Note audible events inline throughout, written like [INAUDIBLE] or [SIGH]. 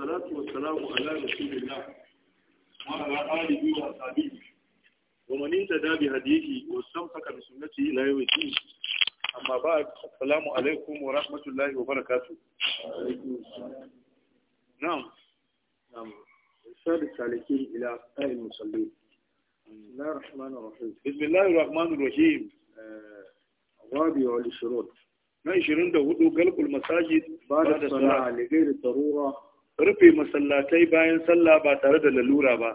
wasalatu wasalamu ala rasulillah wa ala alihi wa sahbihi wa man intada bi hadihi wa samaka bi sunnati ila yawm al-din amma ba'd assalamu alaykum wa rahmatullahi wa barakatuh wa alaykum assalam nam nam salikin ila ayy musallim bismillahir rahmanir rahim bismillahir rahmanir rahim awabi wa al-shurut na 24 galqul masajid ba'da salat li ghayri darurah rufe masallatai bayan sallah ba tare da lalura ba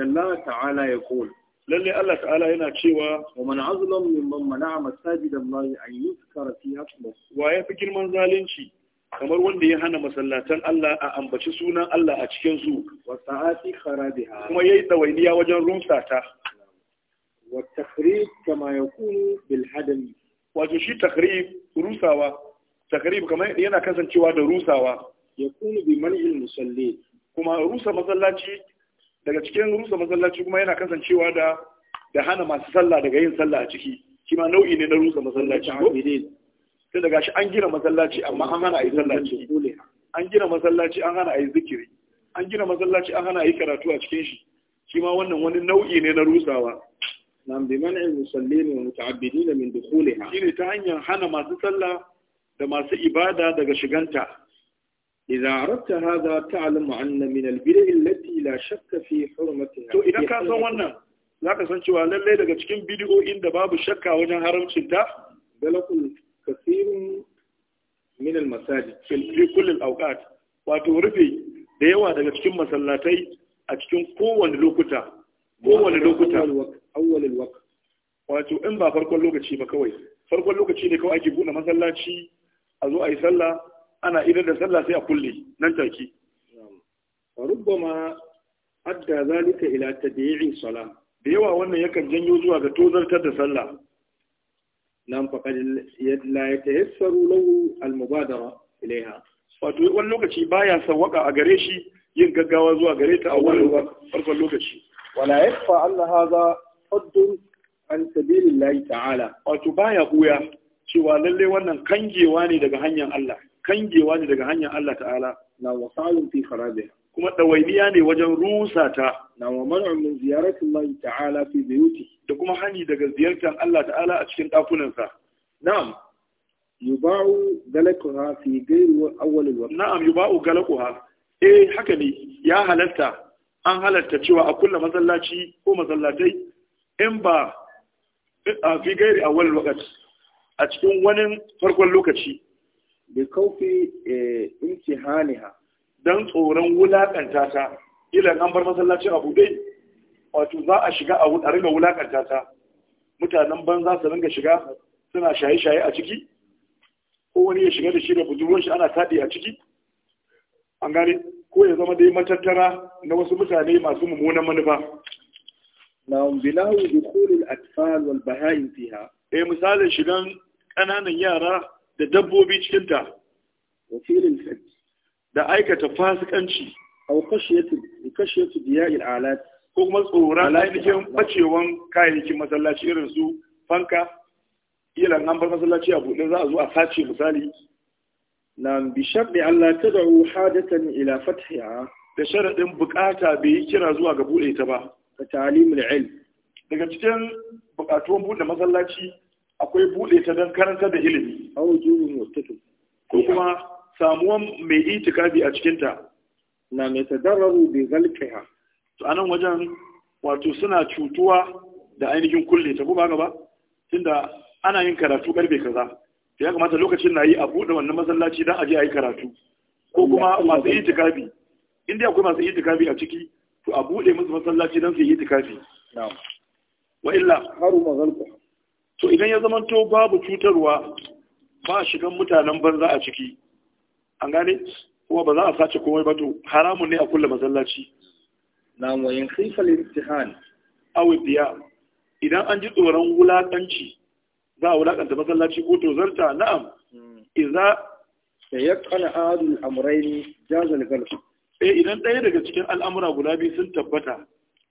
Allah ta'ala ya qul lalle Allah ta'ala yana cewa wa man azlam mimman mana'a masajid Allah an yuzkara fi hasbu wa ya fi girman zalunci kamar wanda ya hana masallatan Allah a ambaci sunan Allah a cikin su wa sa'ati kharabiha kuma yayi dawainiya wajen ta. wa takhrib kama yakunu bil hadami wato shi takhrib rusawa takhrib kamar yana kasancewa da rusawa ya kunu bi manhil musalli kuma rusa masallaci daga cikin rusa masallaci kuma yana kasancewa da da hana masu sallah daga yin sallah a ciki shi ma nau'i ne na rusa masallaci ko sai daga shi an gina masallaci amma an hana a yi sallaci an gina masallaci an hana a yi zikiri an gina masallaci an hana a yi karatu a cikin shi shi ma wannan wani nau'i ne na rusawa nan bi man'il musallin wa muta'abbidin min dukhuliha ne ta hanyar hana masu sallah da masu ibada daga shiganta إذا عرفت هذا تعلم أن من البدع التي لا شك في حرمتها تو إذا كان wannan zaka san cewa lallai daga cikin bid'o'in da babu shakka wajen haramcin ta balakul kasirun min al masajid fi kull al wato rufe da yawa daga cikin masallatai a cikin kowane lokuta wato in ba farkon lokaci ba kawai farkon lokaci ne kawai ake buɗe masallaci a zo a yi sallah ana idan da sallah sai a kulle nan take rubbama adda zalika ila tadyi'i salah da yawa wannan yakan janyo zuwa ga tozartar da sallah nan fa kad la yatayassaru lahu al-mubadara ilaiha wato wani lokaci baya sawaka a gare shi yin gaggawa zuwa gare ta a wannan farkon lokaci wala yafa anna hadha haddun an sabilillahi ta'ala wato baya buya cewa lalle wannan kangewa ne daga hanyar Allah kangewa ne daga hanyar Allah ta'ala na wasalun fi kharabiha kuma dawainiya ne wajen rusa ta na wa man'un min ziyarati Allah ta'ala fi buyuti da kuma hani daga ziyartar Allah ta'ala a cikin dakunan na'am yuba'u galakuha fi gairu awwal al na'am yuba'u galakuha eh haka ne ya halatta an halatta cewa a kulla masallaci ko masallatai in ba a fi gairi a wani lokaci a cikin wani farkon lokaci da kaufi ha Don tsoron wulakanta ta ila an bar masallaci a buɗe wato za a shiga a ringa wulakanta ta mutanen ban za su ringa shiga suna shaye-shaye a ciki ko wani ya shiga da shi da budurwar shi ana taɗi a ciki an gane ko ya zama dai matattara na wasu mutane masu mummunan manufa na bilahu dukhulul atfal wal baha'in fiha eh misalin shigan ƙananan yara da dabbobi cikin ta da aikata fasikanci aw khashiyatu bi khashiyatu alat ko kuma tsoron ainihin bacewan kayayyakin masallaci irin su fanka ila an bar masallaci a buɗe za a zo a sace misali na bi sharɗi Allah ta da hadatan ila fathiha da sharaɗin bukata bai yi kira zuwa ga buɗe ta ba ka ta'alimul ilm daga cikin bukatuwan buɗe masallaci akwai bude ta don karanta da ilimi ko kuma samuwan mai itikafi a cikin ta na mai tadarraru bi zalqiha to anan wajen wato suna cutuwa da ainihin kulle ta ko ba tunda ana yin karatu karfe kaza ya kamata lokacin na yi a buɗe wannan masallaci don aje a yi karatu ko kuma masu itikafi in dai akwai masu itikafi a ciki to a buɗe musu masallaci don su yi itikafi wa illa haruma zalqa to idan ya zama to babu cutarwa ba shigan mutanen banza a ciki an gane kuma ba za a sace komai ba to haramun ne a kulle masallaci na wayin khifal khifa imtihan aw biya idan an ji tsoron wulakanci za a wulakanta masallaci ko to zarta na'am hmm. idza tayaqqana hadu al-amrayn jazal al-ghalb eh idan ɗaya daga cikin al'amura guda biyu sun tabbata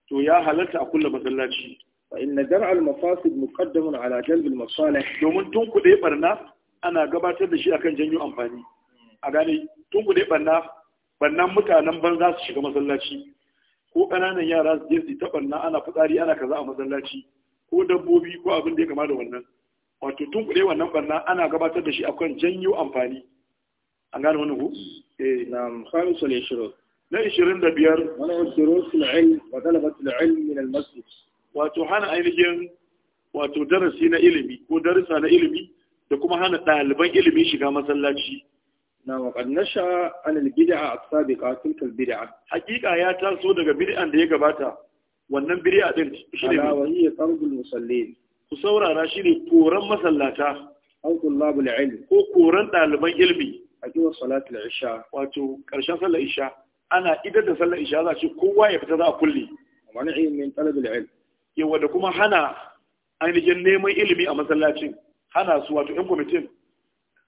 to ya halarta a kulle masallaci فإن درع المفاسد مقدم على جلب المصالح domin tunkuɗe barna ana gabatar da shi akan janyo amfani a gane tunkuɗe barna barnan mutanen banza su shiga masallaci ko ƙananan yara su je su taɓa barna ana fitsari ana kaza a masallaci ko dabbobi ko abin da ya kama da wannan wato kuɗe wannan barna ana gabatar da shi akan janyo amfani an gane wani ku eh na khamisul ishrur na ishirin da 25 wala yusrul ilm wa talabatul ilm min al-masjid wato hana ainihin wato darasi na ilimi ko darasa na ilimi da kuma hana ɗaliban ilimi shiga masallaci na waƙar nasha anil bid'a as-sabiqa tilkal bid'a haƙiƙa ya taso daga bid'an da ya gabata wannan bid'a din shine ala wa hiya tarkul musallin ku saurara shi ne koran masallata aw tullabul ilm ko koran ɗaliban ilimi a kiwa salatul isha wato ƙarshen sallar isha ana idar da sallar isha za ce kowa ya fita za a kulle wani ilmin talabul ilm ya da kuma hana ainihin neman ilimi a masallacin hana su wato yan kwamitin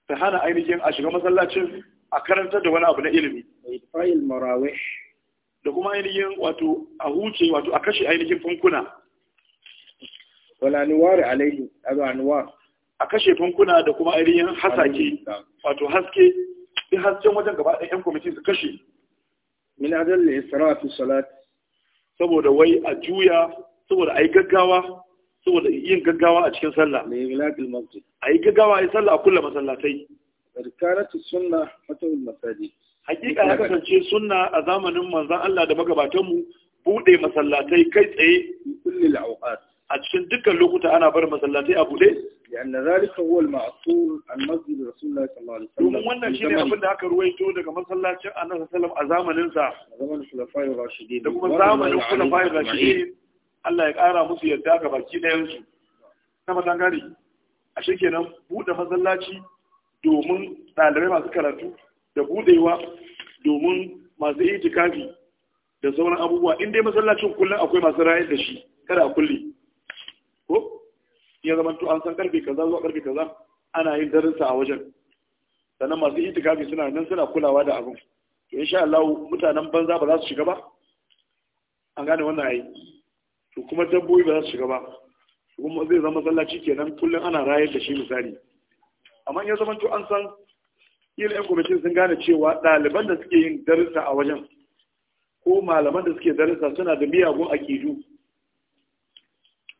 ta hana ainihin a shiga masallacin a karantar da wani abu na ilimi da kuma ainihin wato a huce wato a kashe ainihin fankuna wala nuwar alaihi azu anwar a kashe fankuna da kuma ainihin hasake wato haske duk hasken wajen gaba da yan kwamitin su kashe min adal israfi salat saboda wai a juya saboda a yi gaggawa saboda yin gaggawa a cikin sallah mai milakil masjid a yi gaggawa a yi sallah a kulle masallatai karkaratul sunna fatawul masajid hakika ya kasance sunna a zamanin manzan Allah da magabatanmu buɗe masallatai kai tsaye a cikin dukkan lokuta ana bar masallatai a bude لأن ذلك هو المعصور عن مسجد رسول الله صلى الله عليه وسلم ومن شيء رويته صلى الله عليه وسلم الخلفاء الراشدين الخلفاء الراشدين Allah ya ƙara musu yadda ga baki ɗayansu na matangare, a a shekenan buɗe masallaci domin ɗalibai masu karatu da buɗewa domin masu itikafi da sauran abubuwa in dai masallacin kullum akwai masu rayar da shi kada a kulle ko ya zama to an san karfe kaza zuwa karfe kaza ana yin darinsa a wajen sannan masu itikafi suna nan suna kulawa da abin to insha Allah mutanen banza ba za su shiga ba an gane wannan ayi to kuma dabbobi ba za su shiga ba kuma zai zama masallaci kenan kullum ana rayar da shi misali amma ya zama to an san yin yan kwamitin sun gane cewa ɗaliban da suke yin darussa a wajen ko malaman da suke darussa suna da miyagun akidu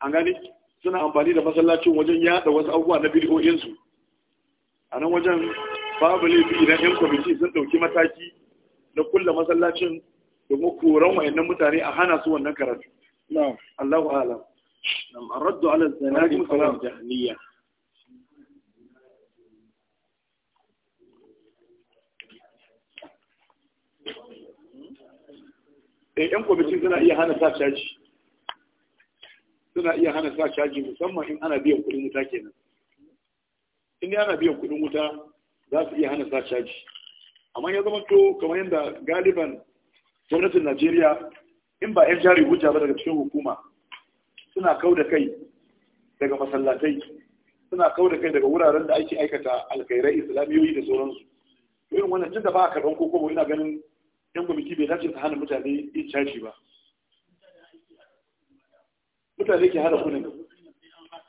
an gane suna amfani da masallacin wajen yada wasu abubuwa na bidiyoyinsu a nan wajen babu laifi idan yan kwamiti sun ɗauki mataki na kulla masallacin domin koran wayannan mutane a hana su wannan karatu na'am Allahu a'lam nam arraddu ala zanadi kalam jahiliya eh yan kwamitin suna iya hana sa caji suna iya hana sa caji musamman in ana biyan kudin wuta kenan in ana biyan kudin wuta za su iya hana sa caji amma ya zama to kamar yadda galiban gwamnatin najeriya in ba yan jari hujja ba daga cikin hukuma suna kau da kai daga masallatai suna kau da kai daga wuraren da ake aikata alkairai islamiyoyi da sauransu irin wannan tunda ba a karɓar koko ina ganin yan gwamnati bai dace ta hana mutane yin caji ba mutane ke hada kunin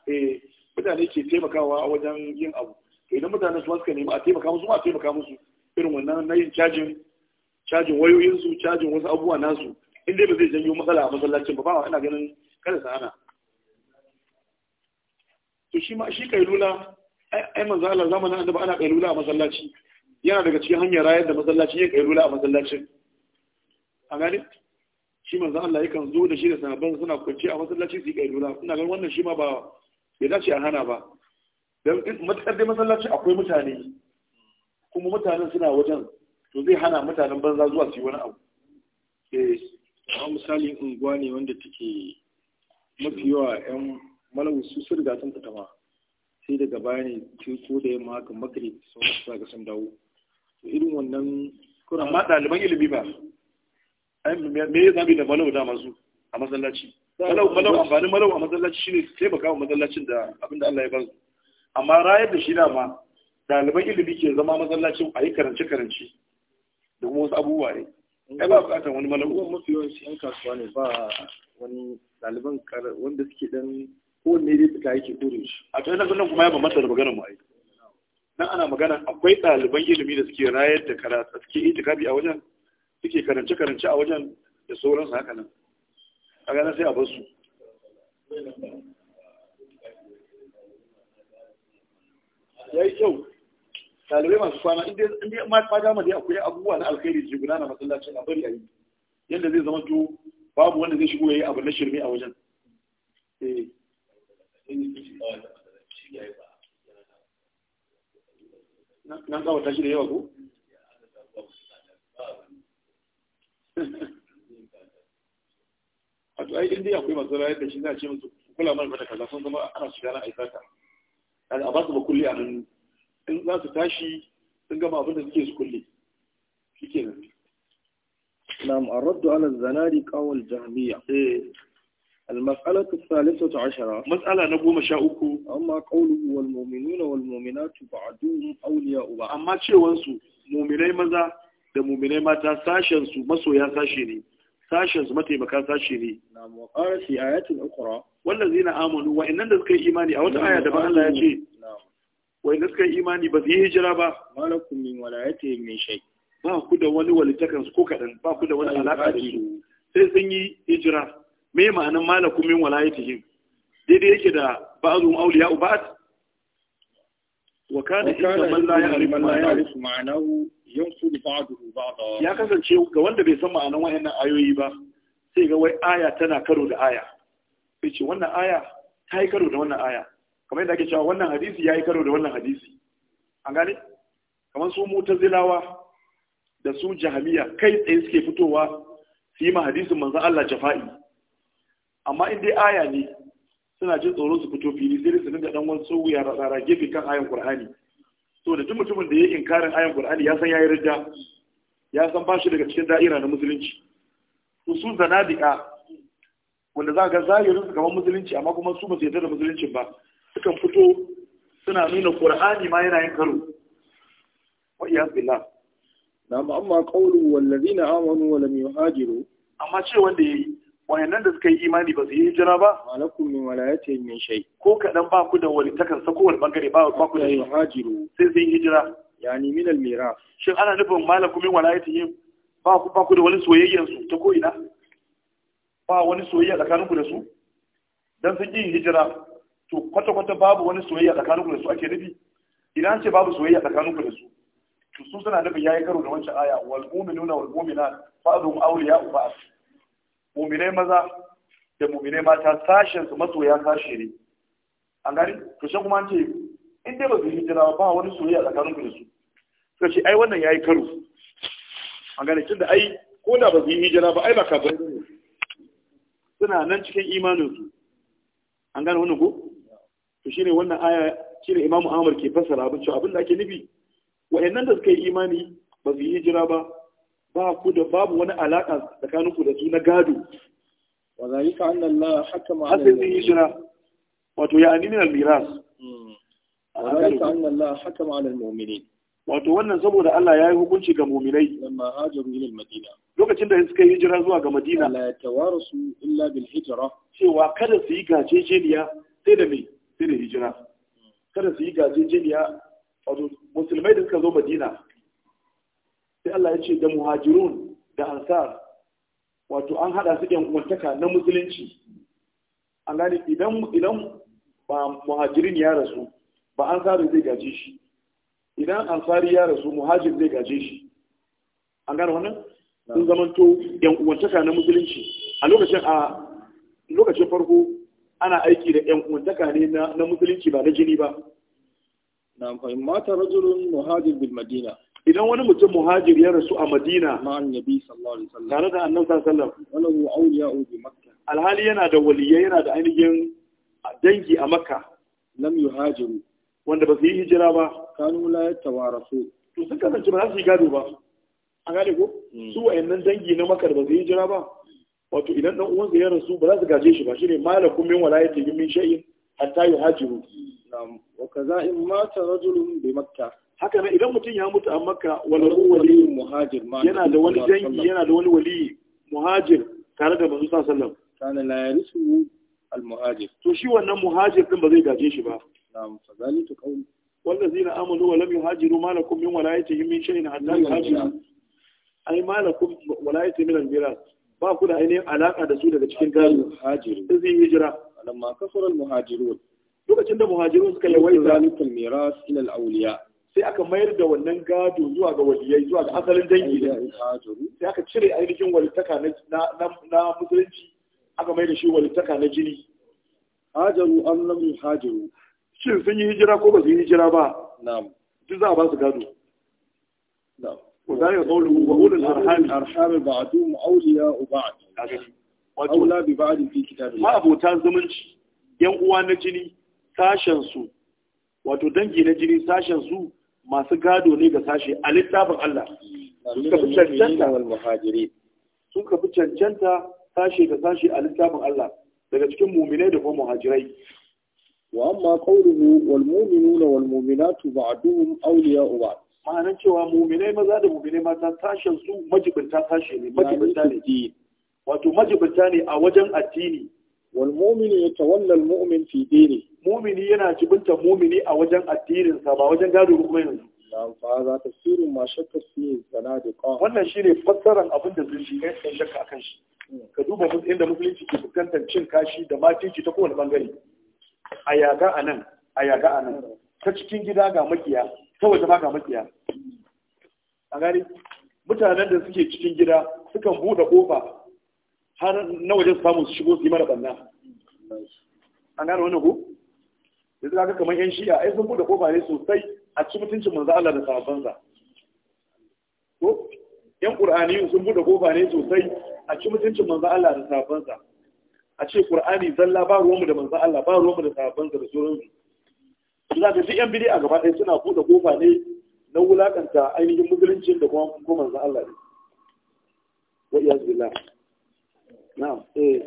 eh mutane ke taimakawa wajen yin abu idan mutane su suka nemi a taimaka musu a taimaka musu irin wannan na yin cajin cajin wayoyinsu cajin wasu abubuwa nasu in dai ba zai janyo matsala a masallacin ba ba ina ganin kada sa ana to shi ma shi kailula ai manzo Allah zamanin annabi ana kailula a masallaci yana daga cikin hanyar rayar da masallaci ya kailula a masallacin a gani shi manzo Allah yakan zo da shi da sahabban suna kwance a masallaci su yi kailula ina ganin wannan shi ma ba ya dace a hana ba dan matakar dai masallaci akwai mutane kuma mutanen suna wajen to zai hana mutanen banza zuwa su yi wani abu eh amma misali unguwa ne wanda take mafi yawa yan malawu su su riga sun fitama ma sai daga baya ne ko da yamma haka makare sun fita ga sun dawo to irin wannan kuma amma ɗaliban ilimi ba me ya zabi da malawu da masu a masallaci malawu malawu amfanin malawu a masallaci shine taimaka wa masallacin da abinda Allah ya ba amma rayar da shi da ma ɗaliban ilimi ke zama masallacin a yi karance-karance da kuma wasu abubuwa ne ai ba bukatar wani malamu kuma mafi yawanci yan kasuwa ne ba wani ɗaliban wanda suke dan kowanne dai fita yake kore shi a to yanzu nan kuma ya bambanta da maganar mu ai nan ana magana akwai ɗaliban ilimi da suke rayar da karatu suke itikafi a wajen suke karance karance a wajen da sauransu haka nan a ganin sai a bar su ya yi kyau ɗalibai masu kwana in dai ma ta gama dai akwai abubuwa na alkhairi su gudana masallacin a bari a yi yadda zai zama to babu wanda zai shigo ya yi abu na shirme a wajen eh. nan kawata shi da yawa ko? a [LAUGHS] to ai inda akwai masu rayar da shi na ce musu kula mana da kaza sun zama ana shiga na aikata a ba su ba kulli a hannu in za su tashi sun gama abin da suke su kulle shikenan نعم الرد على الزنادقة والجهمية إيه. المساله الثالثه عشرة مساله نقوم شاؤكو اما قوله والمؤمنون والمؤمنات بعدهم اولياء اما أما شيء وانسو da muminai mata sashen su masoya sashe ne sashen su mataimaka sashe ne na muqara fi ayatin ukhra wallazina amanu wa innan da suka yi imani a wata aya daban Allah ya wai da suka yi imani ba su yi hijira ba malakum min walayati min shay ba ku da wani walitakan ko kadan ba ku da wani alaka da su sai sun yi hijira me ma'anan malakum min walayatihim daidai yake da ba'dhum awliya ba'd wa kana inda man la ya'rifu ma'anahu yanqul ba'dahu ba'dha ya kasance ga wanda bai san ma'anan wayannan ayoyi ba sai ga wai aya tana karo da aya wannan aya ta yi karo da wannan aya kamar yadda ake cewa wannan hadisi ya yi karo da wannan hadisi an gane kamar su mutazilawa da su jahamiya kai tsaye suke fitowa su yi ma hadisin manzan Allah jafa'i amma in dai aya ne suna jin tsoro su fito fili sai su dinga dan wani tsohu ya rara gefe kan ayan qur'ani to da duk mutumin da ya yi inkarin ayan qur'ani ya san yayi ridda ya san ba shi daga cikin da'ira na musulunci to su zanadiqa wanda za ga zahirin su kamar musulunci amma kuma su ba su yarda da musulunci ba sukan fito suna nuna qur'ani ma yana yin karo wa iyaz billah na amma qawlu wallazina amanu wa lam yuhajiru amma ce wanda yayi wayannan da suka yi imani ba su yi hijira ba malakum min ce min shay ko kadan ba ku da wani takan sako wani bangare ba ba ku da yuhajiru sai sai hijira yani min al shin ana nufin malakum min walayati ba ku ba ku da wani soyayyan su ta ko ina ba wani soyayya tsakaninku da su dan sun yi hijira to kwata-kwata babu wani soyayya tsakaninku da su ake nufi idan ce babu soyayya tsakaninku da su to su suna nufin yayi karo da wancan aya wal mu'minuna wal mu'minat ba'dhum awliya'u ba'd mu'minai maza da mu'minai mata sashen su masoya sashe ne an gani to sai kuma an ce in dai ba su hijira ba wani soyayya tsakaninku da su suka ce ai wannan yayi karo an gani tunda ai ko da ba su yi hijira ba ai ba kafirai ne suna nan cikin imaninsu an gane wannan ko to shine wannan aya shine Imam Ahmad ke fassara abin cewa abin da ake nufi wayannan da suka yi imani ba su yi hijira ba ba ku da babu wani alaka tsakanin ku da su na gado wa zalika anna Allah hakama ala hijira wato ya anina al-miras hmm. wa zalika anna Allah hakama ala al-mu'minin wato wannan saboda Allah ya yi hukunci ga muminai lamma hajaru ila madina lokacin da suka yi hijira zuwa ga madina la tawarasu illa bil hijra cewa kada su yi gajejeniya sai da mai sai da hijira kada su yi gajejeniya a musulmai da suka zo madina sai Allah ya ce da muhajirun da ansar wato an hada su yan uwantaka na musulunci an gane idan idan ba muhajirin ya rasu ba ansari zai gaje shi idan ansari ya rasu muhajir zai gaje shi an gane wannan sun zamanto yan uwantaka na musulunci a lokacin a lokacin farko ana aiki da yan uwantaka ne na musulunci ba na jini ba na mata rajulun muhajir bil madina idan wani mutum muhajir ya rasu a madina ma'an nabi sallallahu alaihi wasallam tare da annan sallallahu alhali yana da waliyai yana da ainihin dangi a makka lam yuhajiru wanda ba su yi hijira ba kanu la yatawarasu to sun kasance ba za su yi gado ba a gane ko hmm. su wayannan dangi na makka da ba su yi hijira ba wato idan dan uwansa ya rasu ba za su gaje shi ba shine malakum min walayati min shay'in hatta yuhajiru na'am wa kaza in mata rajulun bi makka haka ne idan mutum ya mutu a makka walahu wali muhajir ma yana da wani dangi yana da wani wali muhajir tare da manzo sallallahu alaihi wasallam kana la yarisu al muhajir to shi wannan muhajir din ba zai gaje shi ba na'am fa zalitu qawl والذين امنوا ولم يهاجروا ما لكم من ولايتهم من شيء حتى يهاجروا اي ما لكم ولايه من الميراث ba ku da ainihin alaƙa da su daga cikin gari hajiru zai yi hijira lamma kasarar muhajirun lokacin da muhajirun suka yawai zalikul miras ila al-awliya sai aka mayar da wannan gado zuwa ga waliyai zuwa ga asalin dangi da sai aka cire ainihin walitaka na musulunci aka mayar da shi walitaka na jini hajaru an lam hajaru shin sun yi hijira ko ba su yi hijira ba na'am duk za a ba su gado na'am وذلك قوله وأولي الأرحام الأرحام بعضهم أولياء بعض أولى ببعض في كتاب الله ما أبو تازمنش ينقوى نجني ساشن wato dangi na jini sashen su masu gado ne ga sashe a littafin Allah fi cancanta suka fi sashe sashe a littafin Allah daga cikin muminai da kuma muhajirai wa amma qawluhu wal mu'minuna wal mu'minatu ba'duhum awliya'u ba'd ma'anar cewa muminai maza da muminai mata tashin su majibinta tashi ne majibinta ne wato majibinta ne a wajen addini wal ya tawalla al mu'min fi dini mu'mini yana jibinta mu'mini a wajen addinin sa ba wajen gado kuma yanzu nan fa za ta siru ma shakka da zanadiqa wannan shine fassaran abin da zai shiga sai shakka akan shi ka duba inda musulunci ke fuskantar cin kashi da matinci ta kowane bangare a yaga anan a yaga anan ta cikin gida ga makiya kawai ta faka makiya a gani mutanen da suke cikin gida sukan buɗe ƙofa har na wajen samun su shigo su yi mara banna A gane wani ku da suka kamar yan shi'a ai sun buɗe ƙofa ne sosai a ci mutuncin manzo Allah da sahabbansa ko yan qur'ani sun buɗe ƙofa ne sosai a ci mutuncin manzo Allah da sahabbansa a ce qur'ani zalla ba ruwanmu da manzo Allah ba ruwanmu da sahabbansa da sauransu su da duk fi yan bidi a gaba ɗaya suna buɗe kofa ne na wulakanta ainihin musulunci da kuma hukumar za Allah ne wa iya zila Na, eh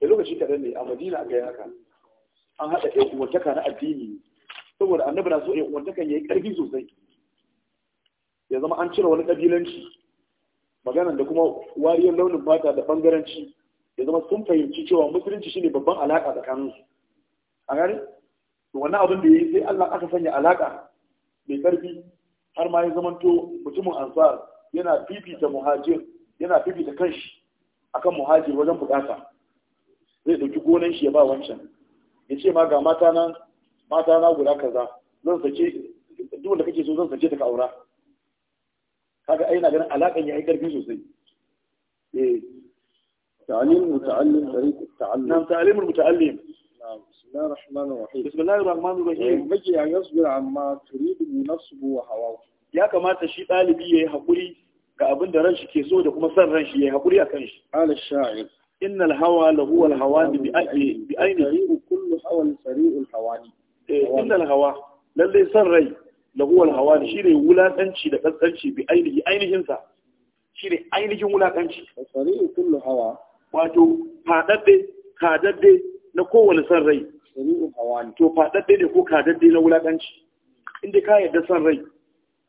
da lokaci kaɗan ne a madina aka yi haka an haɗa ɗaya umartaka na addini saboda annabi na so ya umartaka ya yi ƙarfi sosai ya zama an cire wani ƙabilanci magana da kuma wariyar launin fata da bangaranci ya zama sun fahimci cewa musulunci shine babban alaka tsakanin su a gani wannan abin da ya yi sai Allah aka sanya alaka mai karfi har ma ya zamanto mutumin ansar yana fifita muhajir yana fifita kanshi akan muhajir wajen bukata zai dauki gonan shi ya ba wancan ya ce ma ga mata na guda kaza zan sace duk wanda kake so zan sace ta aura kaga ai na ganin alaƙan ya yi sosai eh ta'alim muta'allim tariq ta'allim nam ta'alim muta'allim eh, ya kamata shi ɗalibi ya yi haƙuri ga abin da ranshi ke so da kuma son ranshi ya yi haƙuri a kan shi. Ala sha'ir. hawa la huwa al-hawa bi aini. Kullu hawa hawani. Eh, hawa lallai son rai laguwar hawa ne. shi ne wulaƙanci da ƙasƙanci bi ainihi ainihinsa shi ne ainihin wulaƙanci tsari hawa wato faɗaɗɗe kadadde na kowane san rai to faɗaɗɗe ne ko kadadde na wulaƙanci inda ka yarda san rai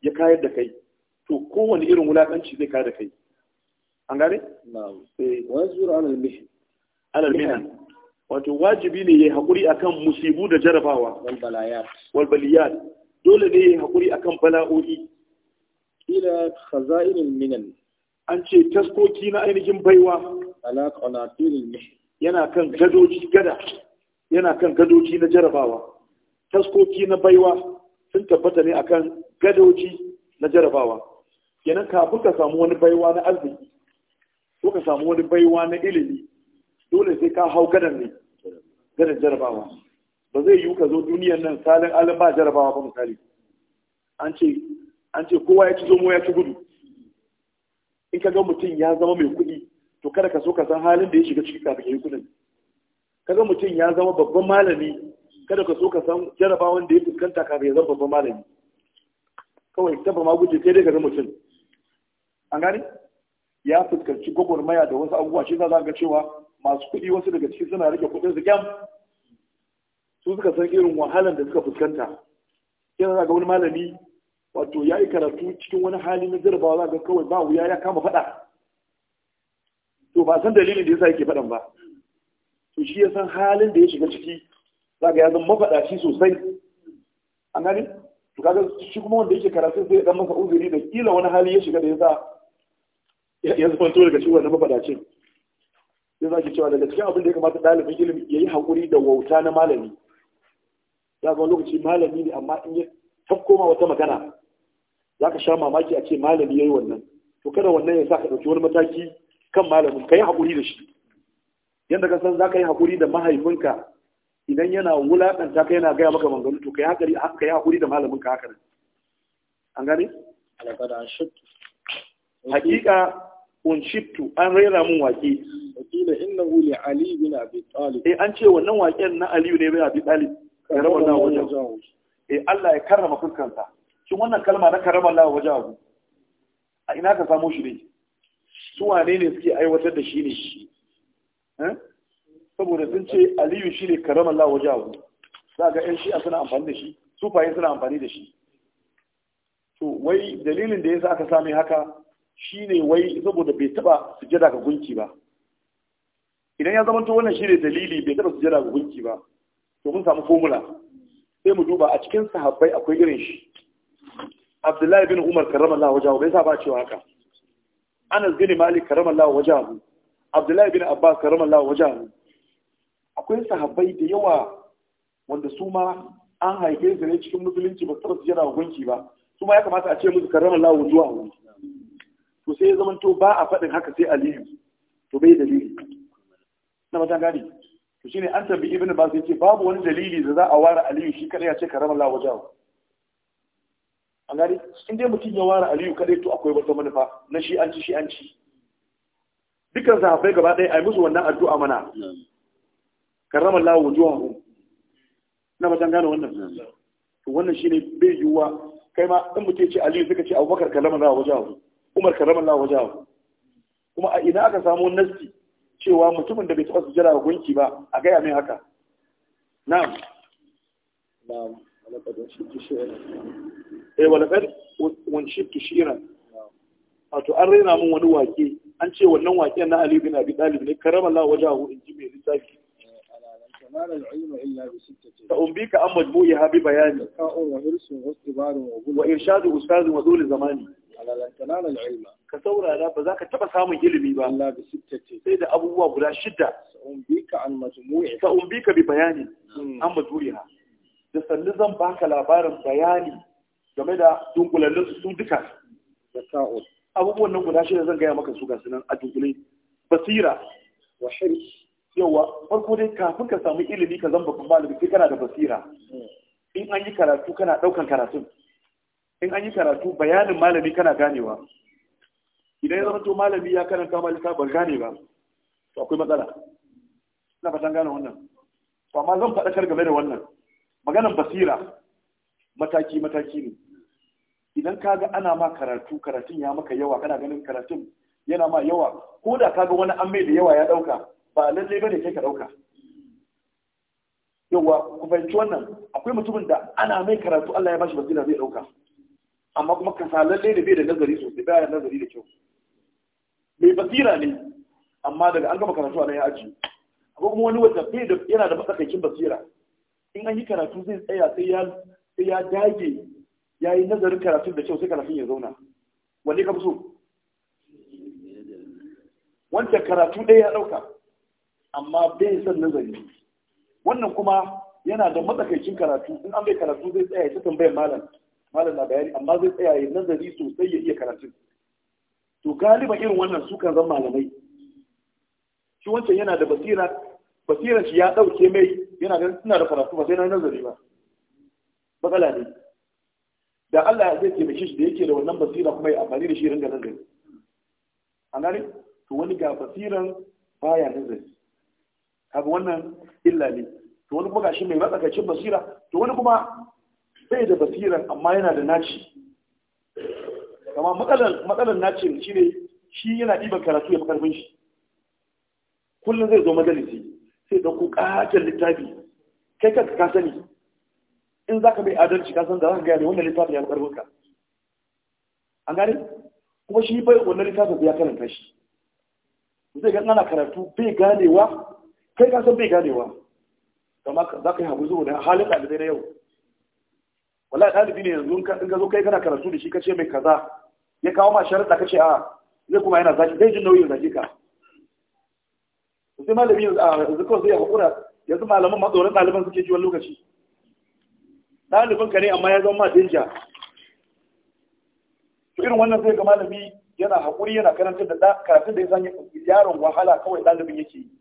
ya kayar da kai to kowane irin wulaƙanci zai kayar da kai an gane? Eh. wani zura alal wato wajibi ne ya yi haƙuri akan musibu da jarabawa Walbaliyar. dole ne ya haƙuri akan bala'o'i ila khaza'inil minan an ce taskoki na ainihin baiwa ala qanatiril mihl yana kan gadoji gada yana kan gadoji na jarabawa taskoki na baiwa sun tabbata ne akan gadoji na jarabawa kenan kafin ka samu wani baiwa na arziki ko ka samu wani baiwa na ilimi dole sai ka hau gadan ne gadan jarabawa ba zai yiwu ka zo duniyan nan salin alin ba jarabawa ba misali an ce an ce kowa ya ci zomo ya ci gudu in ka ga mutum ya zama mai kuɗi to kada ka so ka san halin da ya shiga ciki kafin ya yi kudin ka ga mutum ya zama babban malami kada ka so ka san jarabawan da ya fuskanta kafin ya zama babban malami kawai tafa ma guje sai dai ka ga mutum an gane ya fuskanci gwagwarmaya da wasu abubuwa shi za ga cewa masu kuɗi wasu daga ciki suna rike kuɗin su su suka san irin wahalan da suka fuskanta yana ga wani malami wato ya yi karatu cikin wani hali na jarabawa za ga kawai ba wuya ya kama faɗa to ba san dalilin da yasa yake faɗan ba to shi ya san halin da ya shiga ciki za ga ya zama mafaɗaci sosai an gani to kaga shi kuma wanda yake karatu sai ya dan masa uzuri da kila wani hali ya shiga da yasa ya zama to daga cikin wannan mafaɗacin sai ke cewa daga cikin abin da ya kamata ɗalibin ilimi ya yi haƙuri da wauta na malami kaga lokaci malami ne amma in ya tafko ma wata magana za ka sha mamaki a ce malami ya yi wannan to kada wannan ya sa ka ɗauki wani mataki kan malamin ka yi haƙuri da shi yadda ka san za ka yi haƙuri da mahaifinka idan yana wulaƙanta ka yana gaya maka manganu to ka yi haƙuri da malaminka haka nan an gane? hakika unshittu an raira mun waƙe wakila innahu li ali bin abi talib eh an ce wannan waƙen na aliyu ne bin abi talib karama Allah wajahu eh Allah ya karrama fuskarsa shin wannan kalma na karama Allah wajahu a ina ka samu shi ne su wane ne suke aiwatar da shi ne shi eh? saboda sun ce aliyu shi ne karama Allah wajahu za ga yan shi'a suna amfani da shi sufaye suna amfani da shi to wai dalilin da ya sa aka same haka shine wai saboda bai taba sujada ga gunki ba idan ya zama to wannan shine dalili bai taba sujada ga gunki ba to mun samu formula sai mu duba a cikin sahabbai akwai irin shi abdullahi bin umar karramallahu wajahu bai sa ba cewa haka anas bin malik karramallahu wajahu abdullahi bin abbas karramallahu wajahu akwai sahabbai da yawa wanda su ma an haife su ne cikin musulunci ba su yana gunki ba su ma ya kamata a ce musu karramallahu wajahu to sai ya zama to ba a faɗin haka sai aliyu to bai dalili na mata gani to shine an tabbi ibnu bas yace babu wani dalili da za a ware aliyu shi kadai ya ce karama Allah wajahu an gari in dai mutum ya ware aliyu kadai to akwai wata manufa na shi an ci shi an ci dukkan sahabbai gaba ɗaya ai musu wannan addu'a mana karama Allah wajahu na matan gane wannan to wannan shine bai yiwuwa kai ma in mutum ya ce aliyu suka ce abubakar karama Allah wajahu umar karama Allah wajahu kuma a ina aka samu nasti cewa mutumin da bai taɓa su jira gunki ba a gaya mai haka na'am na'am eh walaqad unshibtu shi'ran wato an raina mun wani wake an ce wannan wake na Ali bin Abi Talib ne karama Allah wajahu in ji mai littafi كمال العلم إلا بستة فأنبيك أم مجموعها ببيان ذكاء وحرص واستبار وغلو وإرشاد أستاذ وذول زماني على لن العلم كثورة لا بذاك تبس هام يلمي با إلا بستة سيدة أبوه ولا شدة فأنبيك عن مجموعها سأنبيك ببيان عن مجموعها da sannu zan baka labarin bayani game da dunkulallin su duka da sa'ul abubuwan nan guda shida zan gaya maka su ga sunan a dunkule basira wa hirsi yawa farko dai kafin ka samu ilimi ka zan babban malami sai kana da basira in an yi karatu kana ɗaukan karatun in an yi karatu bayanin malami kana ganewa idan ya zama to malami ya karanta ma lissafi ban gane ba to akwai matsala ina fatan gane wannan to amma zan faɗakar game da wannan maganan basira mataki mataki ne idan ka ga ana ma karatu karatun ya maka yawa kana ganin karatun yana ma yawa ko da ka ga wani an mai da yawa ya ɗauka ba lallai bane kai ka dauka yawa ku fahimci wannan akwai mutumin da ana mai karatu Allah ya bashi basira zai dauka amma kuma kasalalle da bai da nazari sosai bai da nazari da kyau mai basira ne amma daga an gama karatu ana ya aji akwai kuma wani wata bai da yana da matsakaicin basira in an yi karatu zai tsaya sai ya sai ya dage ya yi nazarin karatu da kyau sai karatun ya zauna wanne ka fi so wancan karatu ɗaya ya ɗauka amma bai son nazari wannan kuma yana da matsakaicin karatu in an bai karatu zai tsaya ta tambayar malam malam na bayani amma zai tsaya ya nazari sosai ya iya karatun to galiba irin wannan su kan zama malamai shi wancan yana da basira basiran shi ya dauke mai yana ganin suna da karatu ba sai na nazari ba bakala ne da Allah zai taimake shi da yake da wannan basira kuma ya amfani da shi ringa nazari an gane to wani ga basiran baya nazari kaga wannan illa ne to wani kuma gashi mai matsakaicin basira to wani kuma bai da basiran amma yana da naci kama matsalar nacin shi ne shi yana ɗiban karatu ya makarfin shi kullum zai zo majalisi sai da ku ƙaƙen littafi kai ka ka sani in za ka mai adalci ka san da za ka gaya ne wannan littafin ya makarfin ka an gane kuma shi bai wannan littafin ya karanta shi zai ga ana karatu bai ganewa kai ka san bai ganewa kama za ka yi hagu da halin ɗalibai na yau wallahi ɗalibi ne yanzu in ka zo kai kana karatu da shi ka ce mai kaza ya kawo ma sharaɗa ka ce a zai kuma yana zaki zai ji nauyin zaki ka sai malami yanzu kawai zai haƙura yanzu malaman tsoron ɗaliban suke ji wani lokaci ɗalibin ka ne amma ya zama danja to irin wannan sai ga malami yana haƙuri yana karantar da karatun da ya san yaron wahala kawai ɗalibin yake yi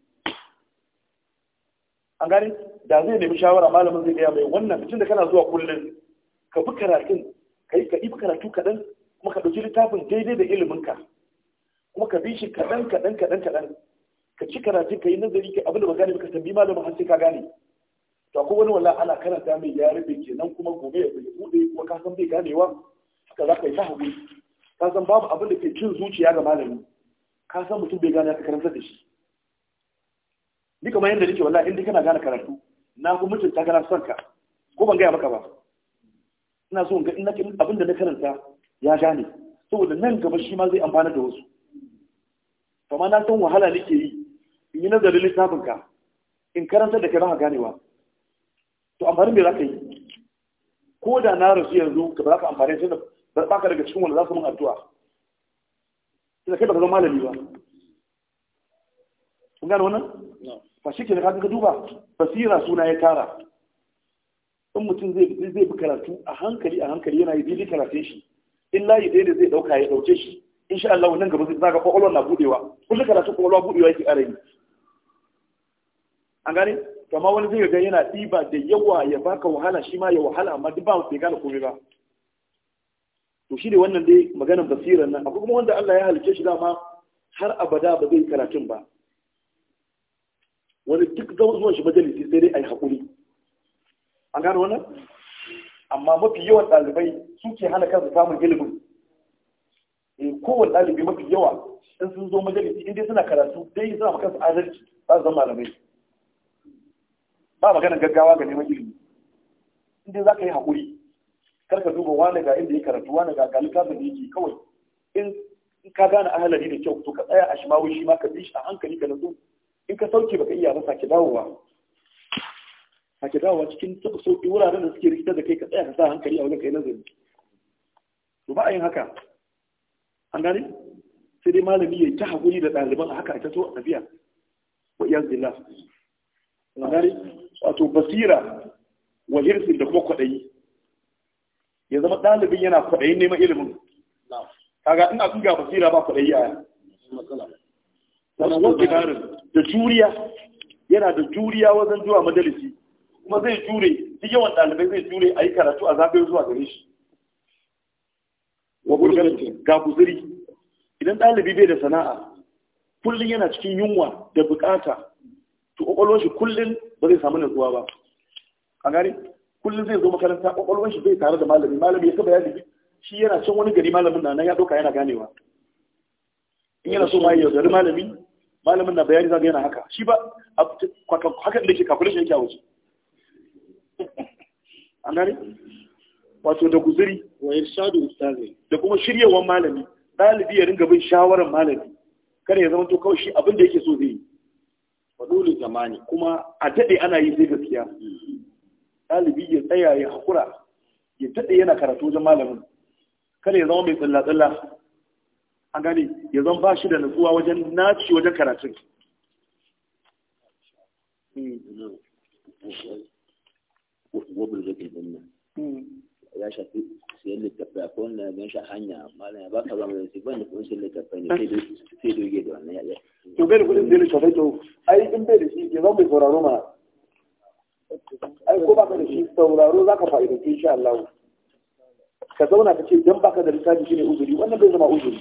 an gane da zai nemi shawara malamin zai gaya mai wannan tun da kana zuwa kullum ka bi karatun ka yi ka ibi karatu kaɗan kuma ka ɗauki littafin daidai da iliminka kuma ka bi shi kaɗan kaɗan kaɗan kaɗan ka ci karatun ka yi nazari ka abin da ba gane ba ka tambi malamin har sai ka gane to akwai wani wala ana karanta mai ya rufe kenan kuma gobe ya bai bude kuma ka san bai ganewa ka za ka yi sahabi ka san babu abin da ke cin zuciya ga malami ka san mutum bai gane ka karanta da shi ni kamar yadda nake wallahi in kana gane karatu na ku mutunta kana son ka ko ban gaya maka ba ina so ga ina abinda na karanta ya gane saboda nan gaba shi ma zai amfana da wasu amma na san wahala nake yi in yi nazarin littafin ka in karanta da kai ba ganewa to amfani me za ka yi ko da na rasu yanzu ka ba za ka amfani sai da ba ka daga cikin wanda za su mun addu'a sai kai ba ka zama malami ba kun gane wannan ba shi ke da ka duba basira suna ya tara in mutum zai zai karatu a hankali a hankali yana yi daidai karatun shi in layi ɗaya da zai dauka ya dauke shi in sha Allah wannan gaba zai zaga kwakwalwar na buɗewa kullum karatu kwakwalwa buɗewa yake ƙara an gane kamar wani zai ga yana diba da yawa ya baka wahala shi ma ya wahala amma duk ba bai gane komai ba to shi ne wannan dai maganar basirar nan akwai kuma wanda Allah ya halice shi dama har abada ba zai karatun ba wani duk zaman zuwan shi majalisi sai dai a yi haƙuri an gano wannan amma mafi yawan ɗalibai suke hana kansu samun ilimin eh, kowane ɗalibi mafi yawa in sun zo majalisi in dai suna karatu dai suna ma kansu adalci za su zama malamai ba maganar gaggawa ga neman ilimi in dai za ka yi haƙuri kar ka duba wani ga inda ya karatu wani ga ga littafin da yake kawai in ka gane ahalari da kyau to ka tsaya a shi ma wushi ma ka bi shi a hankali ka so. in ka sauke baka iya ba sake dawowa sake dawowa cikin taɓa sauƙi wuraren da suke rikitar da kai ka tsaya ka sa hankali a wajen kai nazari to ba a yin haka an gani sai dai malami ya yi ta haƙuri da ɗaliban a haka a taso a tafiya wa iya billah an gani wato basira wa hirsin da kuma kwaɗayi ya zama ɗalibin yana kwaɗayin neman ilimin kaga ina kun ga basira ba kwaɗayi a wasu wasu dabarin da juriya yana da juriya wajen zuwa majalisi kuma zai jure duk yawan ɗalibai zai jure a yi karatu a zagaye zuwa gare shi wa ga guzuri idan ɗalibi bai da sana'a kullum yana cikin yunwa da bukata to kwakwalwar shi kullum ba zai samu nutsuwa ba a gari kullum zai zo makaranta kwakwalwar shi bai tare da malami malami ya saba ya shi yana can wani gari malamin na nan ya ɗauka yana ganewa in yana so ma ya yaudari malami malamin na bayani zaga yana haka shi ba haka da ke calculation yake a waje an gani wato da guzuri wa irshadu ustazi da kuma shiryewan malami dalibi ya ringa bin shawaran malami kada ya zama to kawai shi abin da yake so zai yi zamani kuma a daɗe ana yi zai gaskiya Dalibi ya tsaya ya haƙura ya daɗe yana karatu wajen malamin kada ya zama mai tsalla-tsalla an gane ya zan ba shi da nutsuwa wajen naci wajen karatun hmm. ya shafi siyan littafi a kowane gan sha hanya malam ya baka zama da ban da kun siyan littafi ne sai doge da wannan yaƙi to bai da kudin da littafi to ai in bai da shi ya zama mai sauraro mana ai ko baka da shi sauraro za ka fa'idanci insha Allah ka zauna ka ce dan baka da littafi ne uzuri wannan bai zama uzuri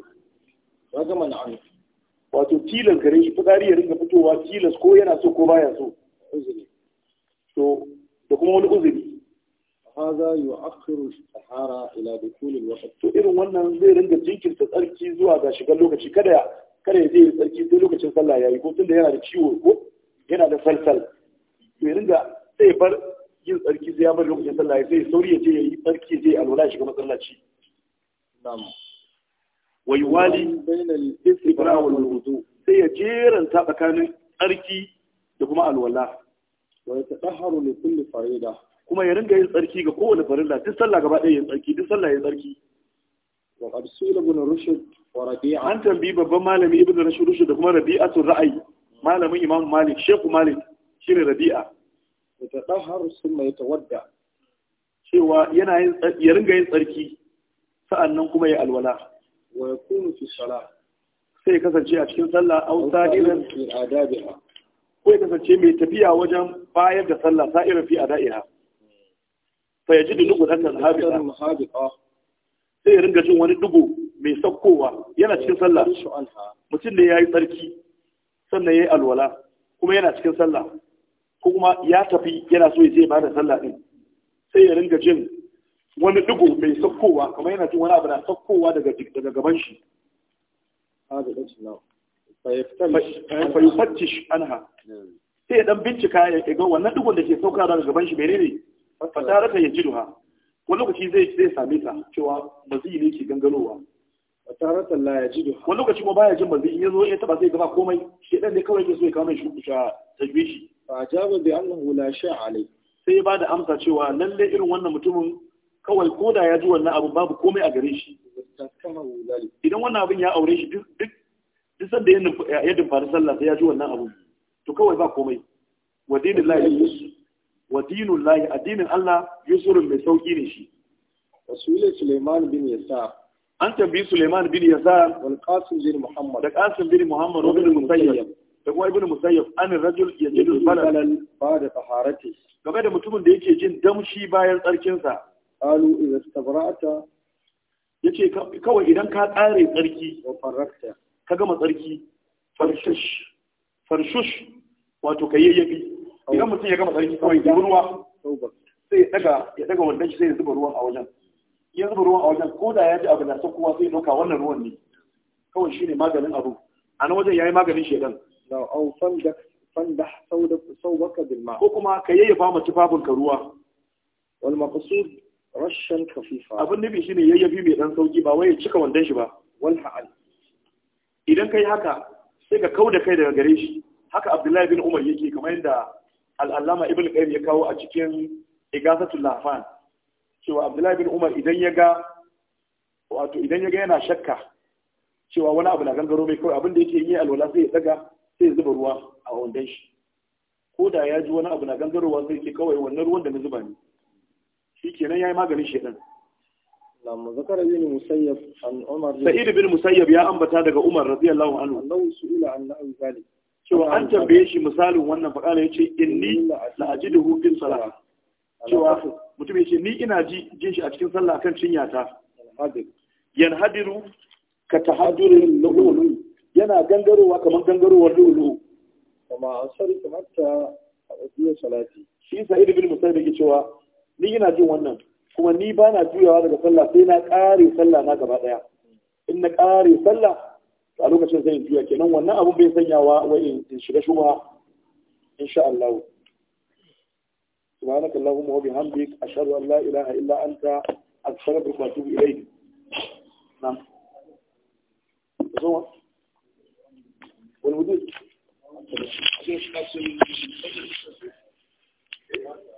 ragaman an wato tilas gare shi fitsari ya ringa fitowa tilas ko yana so ko baya so uzuri to da kuma wani uzuri haza yu'akhiru sahara ila dukul alwaqt to irin wannan zai ringa jinkirta tsarki zuwa ga shigar lokaci kada kada zai yi tsarki sai lokacin sallah yayi ko tunda yana da ciwo ko yana da salsal to ya ringa sai bar yin tsarki sai ya bar lokacin sallah sai sauri ya je yayi tsarki je alwala shiga masallaci na'am wa yuwali bainal istibra wal wudu sai ya jeranta tsakanin tsarki da kuma alwala ta wa yatadahharu li kulli farida kuma ya ringa yin tsarki ga kowane farilla duk sallah gaba ɗaya yin tsarki duk sallah yin tsarki wa qad su'ila ibn rushd wa rabi'a an tambayi babban malami ibn rushd rushd da kuma Rabi'a tun ra'ayi malamin imam malik shehu malik shi ne rabi'a ya tadahharu thumma sun cewa yana yin ya ringa yin tsarki sa'annan kuma ya alwala wa kunu fi salah sai kasance a cikin sallah au sa'iran fi adabiha ko ya kasance mai tafiya wajen bayar da sallah sa'iran fi adabiha fa ya ji yajidu nuqatan habita sai ya ringa jin wani dugo mai sakkowa yana cikin sallah mutum ne ya yi tsarki sannan ya yi alwala kuma yana cikin sallah ko kuma ya tafi yana so ya je ba da sallah din sai ya ringa jin wani digo mai sakkowa kamar yana jin wani abu na sakkowa daga daga gaban shi fayyufattish anha sai ya dan bincika ya ga wannan digon da ke sauka daga gaban shi menene fasarata ya ji duha wani lokaci zai zai same ta cewa mazi ne ke gangarowa fasarata la ya ji duha wani lokaci ma baya jin mazi, ya zo ya taba sai gaba komai shi dan ne kawai ke so ya kawo mai shi ta tajbe shi fa ajaba bi annahu la sha'a sai ya bada amsa cewa lalle irin wannan mutumin kawai ko da ya ji wannan abu babu komai a gare shi idan wannan abin ya aure shi duk duk sanda ya dumfari sallah sai ya ji wannan abu to kawai ba komai wa dinin lahi wa dinin lahi addinin Allah yusurun mai sauki ne shi Suleiman bin an tambayi Suleiman bin Yasar wal Qasim bin Muhammad da Qasim bin Muhammad bin Musayyab da kuma ibn Musayyab an rajul yajidu balal ba da taharati game da mutumin da yake jin damshi bayan tsarkin sa qalu idza istabra'ta yace kawai idan ka tsare tsarki wa farrakta ka gama tsarki farshush farshush wato ka yayyafi idan mutum ya gama tsarki kawai ya ruwa sai ya daga ya daga wannan shi sai ya zuba ruwan a wajen ya zuba ruwan a wajen ko da ya ji abu na san kowa sai ya dauka wannan ruwan ne kawai shine maganin abu a nan wajen yayi maganin shedan da au fandak fandah saubaka bil ma ko kuma ka yayyafa ma tufafinka ruwa wal maqsud rashin kafifa abin nufi shine yayyafi mai dan sauki ba wai ya cika wandan shi ba wal ha'al idan kai haka sai ka kauda kai daga gare shi haka abdullahi bin umar yake kamar yadda al'allama ibn qayyim ya kawo a cikin igasatul lafan cewa abdullahi bin umar idan ya ga wato idan ya ga yana shakka cewa wani abu na gangaro mai kawai abin da yake yi alwala sai ya daga sai ya zuba ruwa a wandan shi ko da ya ji wani abu na gangarowa sai ke kawai wannan ruwan da na zuba ne shi kenan ya yi maganin shaidan lamma zakara bin an umar sa'id bin musayyab ya ambata daga umar radiyallahu anhu su su'ila an na'u zalik cewa an tambaye shi misalin wannan ya faqala yace inni la da hukin salat cewa mutum ce ni ina ji jin shi a cikin sallah kan Yan hadiru ka tahaddurin lu'lu yana gangarowa kamar gangarowar lu'lu kama asari kamar ta a salati shi sa'id bin musayyab yake cewa ni ina jin wannan kuma ni ba na juyawa daga sallah sai na ƙare sallah na gaba ɗaya in na ƙare sallah a lokacin zai juya kenan wannan abin bai sanyawa wa in shiga shubha insha Allah سبحانك اللهم وبحمدك أشهد أن لا إله إلا أنت أستغفرك وأتوب إليك نعم والوجود